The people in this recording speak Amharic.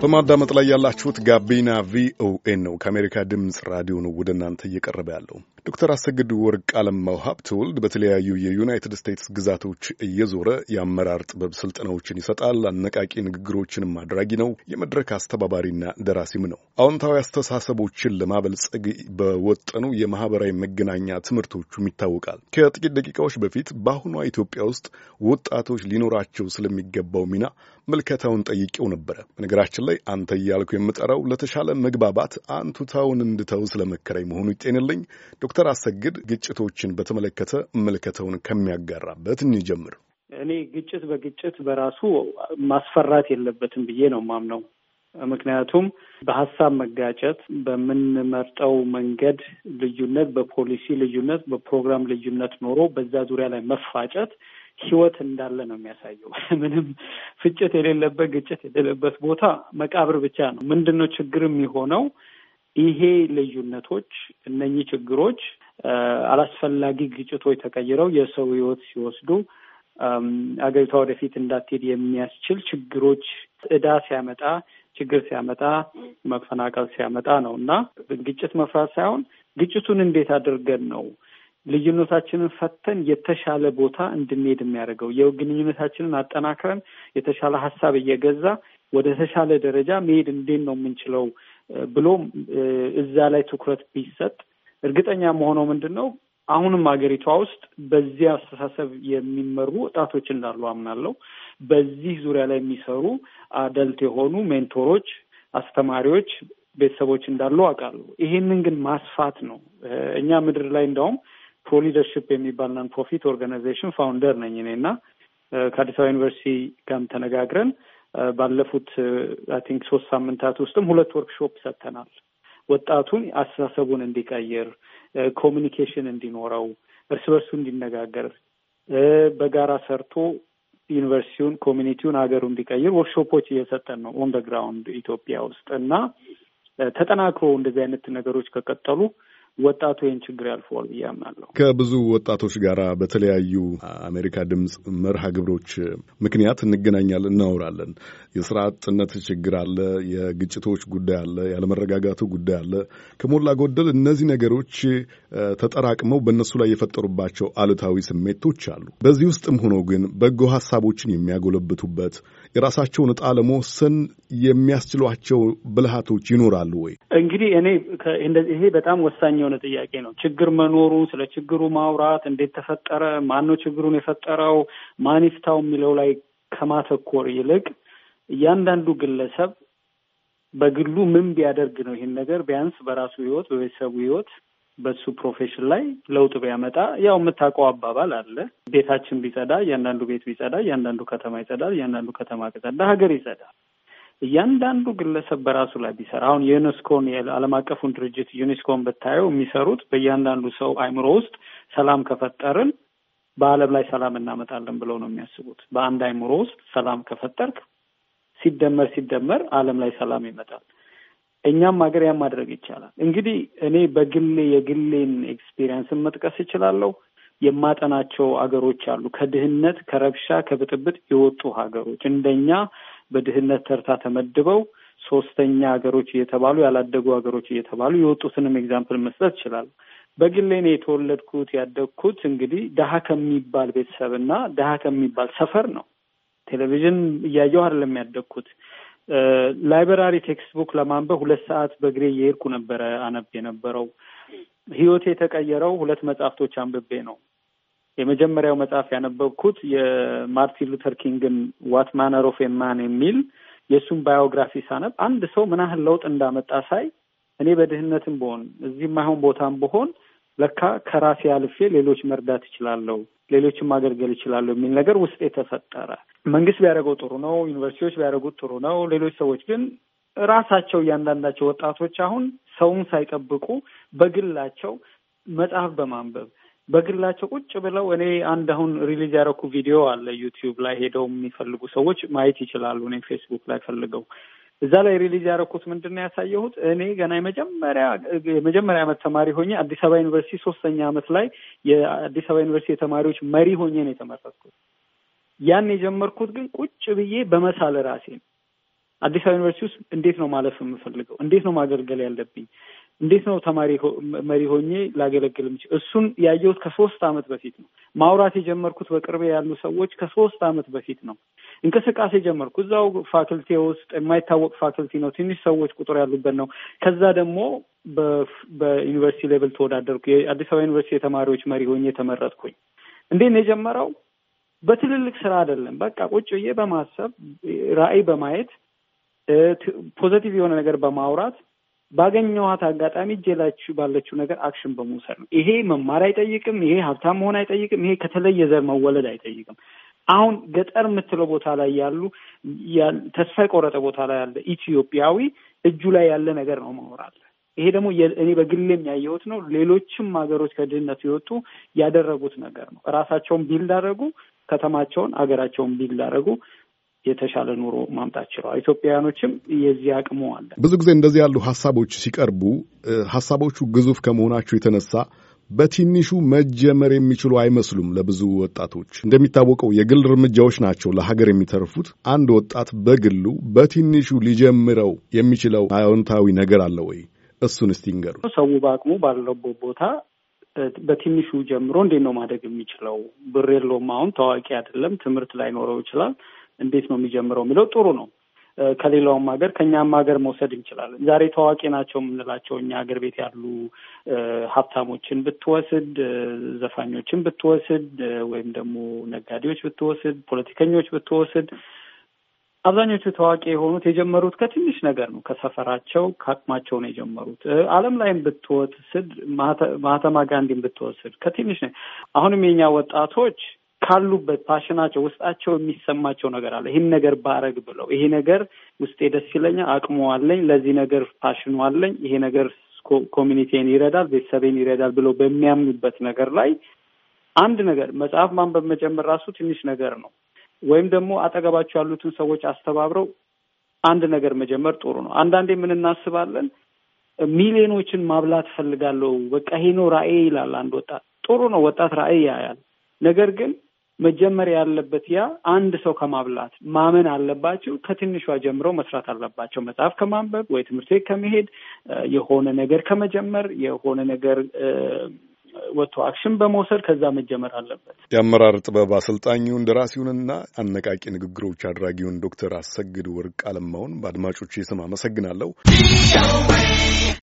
በማዳመጥ ላይ ያላችሁት ጋቢና ቪኦኤ ነው። ከአሜሪካ ድምፅ ራዲዮ ነው ወደ እናንተ እየቀረበ ያለው። ዶክተር አሰግድ ወርቅ አለማው ትውልድ በተለያዩ የዩናይትድ ስቴትስ ግዛቶች እየዞረ የአመራር ጥበብ ስልጠናዎችን ይሰጣል። አነቃቂ ንግግሮችንም አድራጊ ነው። የመድረክ አስተባባሪና ደራሲም ነው። አዎንታዊ አስተሳሰቦችን ለማበልጸግ በወጠኑ የማህበራዊ መገናኛ ትምህርቶቹም ይታወቃል። ከጥቂት ደቂቃዎች በፊት በአሁኗ ኢትዮጵያ ውስጥ ወጣቶች ሊኖራቸው ስለሚገባው ሚና ምልከታውን ጠይቄው ነበረ። በነገራችን ላይ አንተ እያልኩ የምጠራው ለተሻለ መግባባት አንቱታውን እንድተው ስለመከረኝ መሆኑ ይጤንልኝ። ዶክተር አሰግድ ግጭቶችን በተመለከተ ምልከተውን ከሚያጋራበት እንጀምር። እኔ ግጭት በግጭት በራሱ ማስፈራት የለበትም ብዬ ነው ማምነው። ምክንያቱም በሀሳብ መጋጨት፣ በምንመርጠው መንገድ ልዩነት፣ በፖሊሲ ልዩነት፣ በፕሮግራም ልዩነት ኖሮ በዛ ዙሪያ ላይ መፋጨት ህይወት እንዳለ ነው የሚያሳየው። ምንም ፍጭት የሌለበት ግጭት የሌለበት ቦታ መቃብር ብቻ ነው። ምንድን ነው ችግር የሚሆነው? ይሄ ልዩነቶች፣ እነኚህ ችግሮች አላስፈላጊ ግጭቶች ተቀይረው የሰው ህይወት ሲወስዱ አገሪቷ ወደፊት እንዳትሄድ የሚያስችል ችግሮች እዳ ሲያመጣ ችግር ሲያመጣ መፈናቀል ሲያመጣ ነው እና ግጭት መፍራት ሳይሆን ግጭቱን እንዴት አድርገን ነው ልዩነታችንን ፈተን የተሻለ ቦታ እንድንሄድ የሚያደርገው የግንኙነታችንን አጠናክረን የተሻለ ሀሳብ እየገዛ ወደ ተሻለ ደረጃ መሄድ እንዴት ነው የምንችለው ብሎ እዛ ላይ ትኩረት ቢሰጥ እርግጠኛ መሆነው ምንድን ነው አሁንም ሀገሪቷ ውስጥ በዚህ አስተሳሰብ የሚመሩ ወጣቶች እንዳሉ አምናለሁ። በዚህ ዙሪያ ላይ የሚሰሩ አደልት የሆኑ ሜንቶሮች፣ አስተማሪዎች፣ ቤተሰቦች እንዳሉ አውቃለሁ። ይሄንን ግን ማስፋት ነው። እኛ ምድር ላይ እንደውም ፕሮሊደርሽፕ የሚባል ናን ፕሮፊት ኦርጋናይዜሽን ፋውንደር ነኝ እኔ እና ከአዲስ አበባ ዩኒቨርሲቲ ጋርም ተነጋግረን ባለፉት አይ ቲንክ ሶስት ሳምንታት ውስጥም ሁለት ወርክሾፕ ሰጥተናል። ወጣቱን አስተሳሰቡን እንዲቀይር፣ ኮሚኒኬሽን እንዲኖረው፣ እርስ በርሱ እንዲነጋገር፣ በጋራ ሰርቶ ዩኒቨርሲቲውን፣ ኮሚኒቲውን፣ ሀገሩ እንዲቀይር ወርክሾፖች እየሰጠን ነው ኦን ኢትዮጵያ ውስጥ እና ተጠናክሮ እንደዚህ አይነት ነገሮች ከቀጠሉ ወጣቱ ይህን ችግር ያልፈዋል ብዬ አምናለሁ። ከብዙ ወጣቶች ጋር በተለያዩ አሜሪካ ድምፅ መርሃ ግብሮች ምክንያት እንገናኛለን፣ እናወራለን። የስራ አጥነት ችግር አለ፣ የግጭቶች ጉዳይ አለ፣ ያለመረጋጋቱ ጉዳይ አለ። ከሞላ ጎደል እነዚህ ነገሮች ተጠራቅመው በእነሱ ላይ የፈጠሩባቸው አሉታዊ ስሜቶች አሉ። በዚህ ውስጥም ሆኖ ግን በጎ ሀሳቦችን የሚያጎለብቱበት የራሳቸውን እጣ ለመወሰን የሚያስችሏቸው ብልሃቶች ይኖራሉ ወይ? እንግዲህ እኔ ይሄ በጣም ወሳኝ የሆነ ጥያቄ ነው። ችግር መኖሩ፣ ስለ ችግሩ ማውራት፣ እንዴት ተፈጠረ፣ ማን ነው ችግሩን የፈጠረው፣ ማን ይፍታው የሚለው ላይ ከማተኮር ይልቅ እያንዳንዱ ግለሰብ በግሉ ምን ቢያደርግ ነው ይህን ነገር ቢያንስ በራሱ ህይወት በቤተሰቡ ህይወት በሱ ፕሮፌሽን ላይ ለውጥ ቢያመጣ ያው የምታውቀው አባባል አለ። ቤታችን ቢጸዳ፣ እያንዳንዱ ቤት ቢጸዳ፣ እያንዳንዱ ከተማ ይጸዳል፣ እያንዳንዱ ከተማ ከጸዳ ሀገር ይጸዳል። እያንዳንዱ ግለሰብ በራሱ ላይ ቢሰራ አሁን የዩኔስኮን የዓለም አቀፉን ድርጅት ዩኔስኮን ብታየው የሚሰሩት በእያንዳንዱ ሰው አይምሮ ውስጥ ሰላም ከፈጠርን በዓለም ላይ ሰላም እናመጣለን ብለው ነው የሚያስቡት። በአንድ አይምሮ ውስጥ ሰላም ከፈጠርክ ሲደመር ሲደመር ዓለም ላይ ሰላም ይመጣል። እኛም ሀገር ያ ማድረግ ይቻላል። እንግዲህ እኔ በግሌ የግሌን ኤክስፔሪንስን መጥቀስ እችላለሁ። የማጠናቸው ሀገሮች አሉ ከድህነት ከረብሻ ከብጥብጥ የወጡ ሀገሮች እንደኛ በድህነት ተርታ ተመድበው ሶስተኛ ሀገሮች እየተባሉ ያላደጉ ሀገሮች እየተባሉ የወጡትንም ኤግዛምፕል መስጠት ይችላል። በግሌ እኔ የተወለድኩት ያደግኩት እንግዲህ ድሀ ከሚባል ቤተሰብና ድሀ ከሚባል ሰፈር ነው። ቴሌቪዥን እያየሁ አይደለም ያደግኩት ላይብራሪ ቴክስትቡክ ለማንበብ ሁለት ሰዓት በእግሬ እየሄድኩ ነበረ አነብ የነበረው። ህይወት የተቀየረው ሁለት መጽሐፍቶች አንብቤ ነው። የመጀመሪያው መጽሐፍ ያነበብኩት የማርቲን ሉተር ኪንግን ዋት ማነር ኦፍ ማን የሚል የእሱን ባዮግራፊ ሳነብ አንድ ሰው ምን ያህል ለውጥ እንዳመጣ ሳይ እኔ በድህነትም ብሆን እዚህ የማይሆን ቦታም ብሆን ለካ ከራሴ አልፌ ሌሎች መርዳት እችላለሁ፣ ሌሎችን ማገልገል እችላለሁ የሚል ነገር ውስጥ የተፈጠረ መንግስት ቢያደርገው ጥሩ ነው፣ ዩኒቨርሲቲዎች ቢያደርጉት ጥሩ ነው። ሌሎች ሰዎች ግን ራሳቸው እያንዳንዳቸው ወጣቶች አሁን ሰውን ሳይጠብቁ በግላቸው መጽሐፍ በማንበብ በግላቸው ቁጭ ብለው እኔ አንድ አሁን ሪሊዝ ያደረኩ ቪዲዮ አለ ዩቲዩብ ላይ ሄደው የሚፈልጉ ሰዎች ማየት ይችላሉ። እኔ ፌስቡክ ላይ ፈልገው እዛ ላይ ሪሊዝ ያደረኩት ምንድን ነው ያሳየሁት እኔ ገና የመጀመሪያ የመጀመሪያ ዓመት ተማሪ ሆኜ አዲስ አበባ ዩኒቨርሲቲ ሶስተኛ አመት ላይ የአዲስ አበባ ዩኒቨርሲቲ የተማሪዎች መሪ ሆኜ ነው የተመረጥኩት። ያን የጀመርኩት ግን ቁጭ ብዬ በመሳል ራሴ ነው አዲስ አበባ ዩኒቨርሲቲ ውስጥ እንዴት ነው ማለፍ የምፈልገው፣ እንዴት ነው ማገልገል ያለብኝ፣ እንዴት ነው ተማሪ መሪ ሆኜ ላገለግል የምችል? እሱን ያየሁት ከሶስት አመት በፊት ነው። ማውራት የጀመርኩት በቅርቤ ያሉ ሰዎች ከሶስት አመት በፊት ነው። እንቅስቃሴ ጀመርኩ። እዛው ፋክልቲ ውስጥ የማይታወቅ ፋክልቲ ነው፣ ትንሽ ሰዎች ቁጥር ያሉበት ነው። ከዛ ደግሞ በዩኒቨርሲቲ ሌቭል ተወዳደርኩ። የአዲስ አበባ ዩኒቨርሲቲ የተማሪዎች መሪ ሆኜ ተመረጥኩኝ። እንዴት ነው የጀመረው? በትልልቅ ስራ አይደለም። በቃ ቁጭ ብዬ በማሰብ ራዕይ በማየት ፖዘቲቭ የሆነ ነገር በማውራት ባገኘኋት አጋጣሚ እጀላችሁ ባለችው ነገር አክሽን በመውሰድ ነው። ይሄ መማር አይጠይቅም። ይሄ ሀብታም መሆን አይጠይቅም። ይሄ ከተለየ ዘር መወለድ አይጠይቅም። አሁን ገጠር የምትለው ቦታ ላይ ያሉ ተስፋ የቆረጠ ቦታ ላይ ያለ ኢትዮጵያዊ እጁ ላይ ያለ ነገር ነው መኖራለ ይሄ ደግሞ እኔ በግሌም ያየሁት ነው። ሌሎችም ሀገሮች ከድህነት የወጡ ያደረጉት ነገር ነው። እራሳቸውን ቢልድ አደረጉ፣ ከተማቸውን፣ አገራቸውን ቢልድ አደረጉ። የተሻለ ኑሮ ማምጣት ችለዋል። ኢትዮጵያውያኖችም የዚህ አቅሙ አለ። ብዙ ጊዜ እንደዚህ ያሉ ሀሳቦች ሲቀርቡ ሀሳቦቹ ግዙፍ ከመሆናቸው የተነሳ በትንሹ መጀመር የሚችሉ አይመስሉም ለብዙ ወጣቶች። እንደሚታወቀው የግል እርምጃዎች ናቸው ለሀገር የሚተርፉት። አንድ ወጣት በግሉ በትንሹ ሊጀምረው የሚችለው አዎንታዊ ነገር አለ ወይ? እሱን እስቲ ንገሩ። ሰው በአቅሙ ባለበት ቦታ በትንሹ ጀምሮ እንዴት ነው ማደግ የሚችለው? ብር የለውም፣ አሁን ታዋቂ አይደለም፣ ትምህርት ላይኖረው ይችላል። እንዴት ነው የሚጀምረው የሚለው ጥሩ ነው። ከሌላውም ሀገር ከእኛም ሀገር መውሰድ እንችላለን። ዛሬ ታዋቂ ናቸው የምንላቸው እኛ ሀገር ቤት ያሉ ሀብታሞችን ብትወስድ፣ ዘፋኞችን ብትወስድ፣ ወይም ደግሞ ነጋዴዎች ብትወስድ፣ ፖለቲከኞች ብትወስድ አብዛኞቹ ታዋቂ የሆኑት የጀመሩት ከትንሽ ነገር ነው። ከሰፈራቸው ከአቅማቸው ነው የጀመሩት። ዓለም ላይም ብትወስድ ማህተማ ጋንዲን ብትወስድ ከትንሽ ነ አሁንም የኛ ወጣቶች ካሉበት ፓሽናቸው ውስጣቸው የሚሰማቸው ነገር አለ። ይህን ነገር ባረግ ብለው ይሄ ነገር ውስጤ ደስ ይለኛል፣ አቅሙ አለኝ፣ ለዚህ ነገር ፓሽኑ አለኝ፣ ይሄ ነገር ኮሚኒቲን ይረዳል፣ ቤተሰቤን ይረዳል ብለው በሚያምኑበት ነገር ላይ አንድ ነገር መጽሐፍ ማንበብ መጀመር ራሱ ትንሽ ነገር ነው። ወይም ደግሞ አጠገባቸው ያሉትን ሰዎች አስተባብረው አንድ ነገር መጀመር ጥሩ ነው። አንዳንዴ ምን እናስባለን? ሚሊዮኖችን ማብላት ፈልጋለሁ፣ በቃ ይሄ ነው ራዕይ ይላል አንድ ወጣት። ጥሩ ነው፣ ወጣት ራዕይ ያያል። ነገር ግን መጀመሪያ ያለበት ያ አንድ ሰው ከማብላት ማመን አለባቸው። ከትንሿ ጀምሮ መስራት አለባቸው። መጽሐፍ ከማንበብ ወይ ትምህርት ቤት ከመሄድ የሆነ ነገር ከመጀመር የሆነ ነገር ወጥቶ አክሽን በመውሰድ ከዛ መጀመር አለበት። የአመራር ጥበብ አሰልጣኙን ደራሲውንና አነቃቂ ንግግሮች አድራጊውን ዶክተር አሰግድ ወርቅ አለማውን በአድማጮች ስም አመሰግናለሁ።